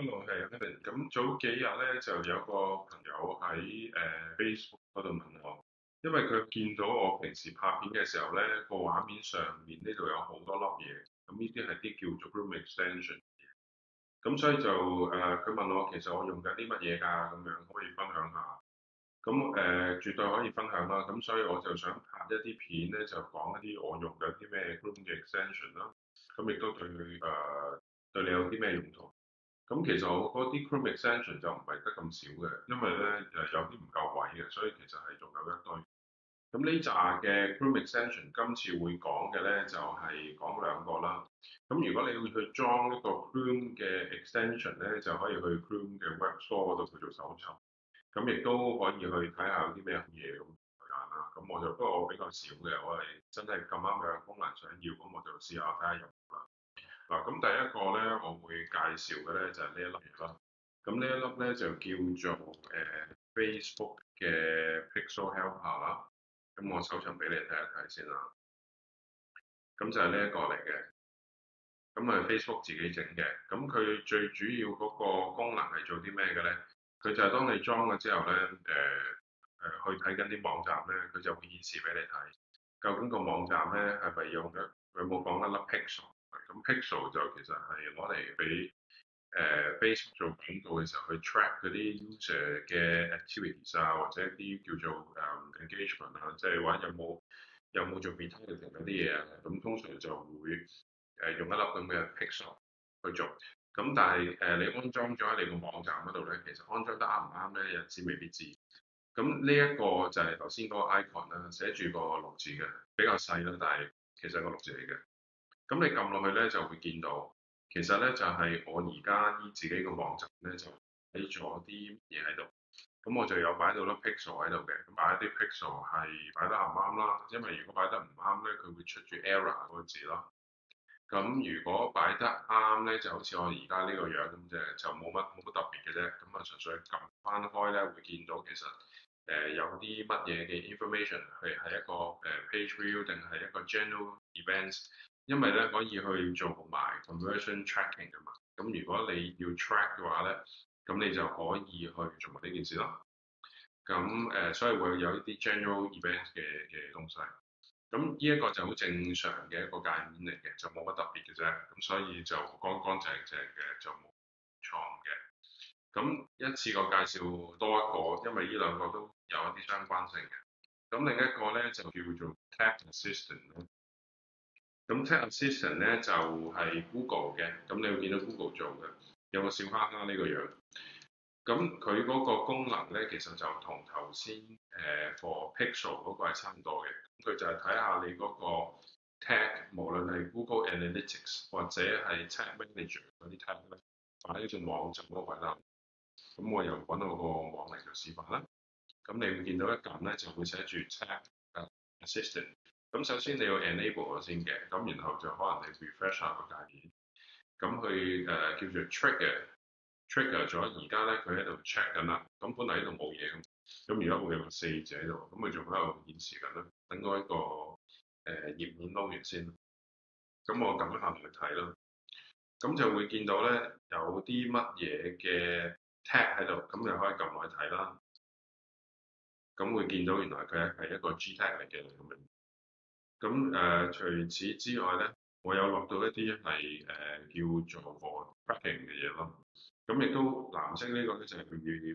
Hello，係 Kevin。咁早、嗯、幾日咧，就有個朋友喺誒、呃、Facebook 嗰度問我，因為佢見到我平時拍片嘅時候咧，個畫面上面呢度有好多粒嘢，咁呢啲係啲叫做 Chrome Extension 嘅。咁所以就誒，佢、呃、問我其實我用緊啲乜嘢㗎？咁樣可以分享下。咁誒、呃，絕對可以分享啦。咁所以我就想拍一啲片咧，就講一啲我用緊啲咩 Chrome 嘅 Extension 啦。咁亦都對佢、誒、呃，對你有啲咩用途？咁其實我嗰啲 Chrome Extension 就唔係得咁少嘅，因為咧誒有啲唔夠位嘅，所以其實係仲有一堆。咁呢紮嘅 Chrome Extension 今次會講嘅咧就係講兩個啦。咁如果你會去裝一個 Chrome 嘅 Extension 咧，就可以去 Chrome 嘅 Web Store 度去做搜尋。咁亦都可以去睇下有啲咩嘢咁揀啦。咁我就不過我比較少嘅，我係真係咁啱有功能想要，咁我就試下睇下有冇啦。嗱，咁第一個咧，我會介紹嘅咧就係、是、呢一粒嘢咯。咁呢一粒咧就叫做誒、呃、Facebook 嘅 Pixel Helper，咁我搜尋俾你睇一睇先啦。咁就係呢一個嚟嘅。咁係 Facebook 自己整嘅。咁佢最主要嗰個功能係做啲咩嘅咧？佢就係當你裝咗之後咧，誒、呃、誒、呃、去睇緊啲網站咧，佢就會顯示俾你睇，究竟個網站咧係咪用嘅？有冇講一粒 Pixel。咁 Pixel 就其實係攞嚟俾誒 Facebook 做廣告嘅時候去 track 嗰啲 user 嘅 activities 啊，或者啲叫做誒、um, engagement 啊，即係話有冇有冇做 retargeting 嗰啲嘢啊。咁通常就會誒、呃、用一粒咁嘅 Pixel 去做。咁但係誒、呃、你安裝咗喺你個網站嗰度咧，其實安裝得啱唔啱咧，有陣時未必知。咁呢一個就係頭先嗰個 icon 啦，寫住個六字嘅，比較細啦，但係其實個六字嚟嘅。咁你撳落去咧，就會見到其實咧就係、是、我而家自己個網站咧就起咗啲嘢喺度。咁我就有擺到粒 pixel 喺度嘅，擺一啲 pixel 係擺得啱啱啦。因為如果擺得唔啱咧，佢會出住 error 嗰個字咯。咁如果擺得啱咧，就好似我而家呢個樣咁啫，就冇乜冇乜特別嘅啫。咁啊，純粹撳翻開咧，會見到其實誒、呃、有啲乜嘢嘅 information，譬如係一個誒、呃、page view 定係一個 general events。因為咧可以去做埋 conversion tracking 㗎嘛，咁如果你要 track 嘅話咧，咁你就可以去做埋呢件事啦。咁誒、呃，所以會有一啲 general event 嘅嘅東西。咁呢、這個、一個就好正常嘅一個介面嚟嘅，就冇乜特別嘅啫。咁所以就乾乾淨淨嘅，就冇錯嘅。咁一次過介紹多一個，因為呢兩個都有一啲相關性嘅。咁另一個咧就叫做 Tag Assistant。咁 Tag Assistant 咧就係、是、Google 嘅，咁你會見到 Google 做嘅，有個小花花呢個樣。咁佢嗰個功能咧，其實就同頭先誒 For Pixel 嗰個係差唔多嘅。佢就係睇下你嗰個 Tag，無論係 Google Analytics 或者係 Tag Manager 嗰啲 Tag 咧，擺喺一陣網上嗰位啦。咁我又揾到個網嚟就示範啦。咁你會見到一撳咧就會寫住 Tag Assistant。咁首先你要 enable 我先嘅，咁然後就可能你 refresh 下個界面，咁佢誒叫做 trigger trigger 咗，而家咧佢喺度 check 緊啦。咁本嚟呢度冇嘢咁，咁而家會有四隻喺度，咁佢仲喺度顯示緊啦。等我一個誒、呃、頁面 load 完先，咁我撳一下嚟睇咯。咁就會見到咧有啲乜嘢嘅 tag 喺度，咁你可以撳落去睇啦。咁會見到原來佢係係一個 G tag 嚟嘅咁嘅。咁，誒除此之外咧，我有落到一啲係誒叫做個 tracking 嘅嘢咯。咁亦都藍色呢個一就係要要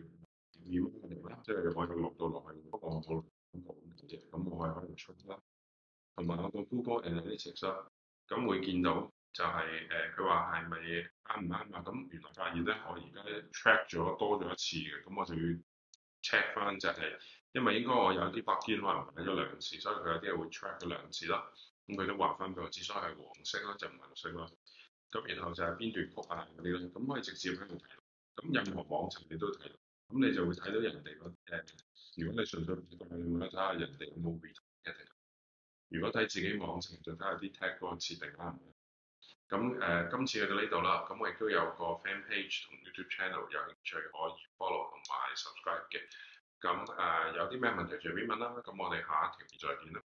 要佢哋啦，即係我有落到落去，不過冇冇咁嘅嘢，咁我係喺度出啦。同埋我個 football 嘅啲設施，咁會見到就係誒，佢話係咪啱唔啱啊？咁原來發現咧，我而家 track 咗多咗一次嘅，咁我就。要。check 翻就係，因為應該我有啲白天可能買咗兩次，所以佢有啲嘢會 check 到兩次啦。咁佢都畫翻兩次，所以係黃色咯，就唔係綠色咯。咁然後就係邊段曲啊啲咁可以直接喺度睇。咁任何網程你都睇到，咁你就會睇到人哋嗰誒。如果你純粹唔想用咧，睇下人哋有冇 return。如果睇自己網程就睇下啲 tag 嗰個設定啦。咁誒、呃，今次去到呢度啦。咁我亦都有個 fan page 同 YouTube channel，有興趣可以 follow。買 subscribe 嘅，咁誒、呃、有啲咩問題隨便問啦，咁我哋下一條線再見啦。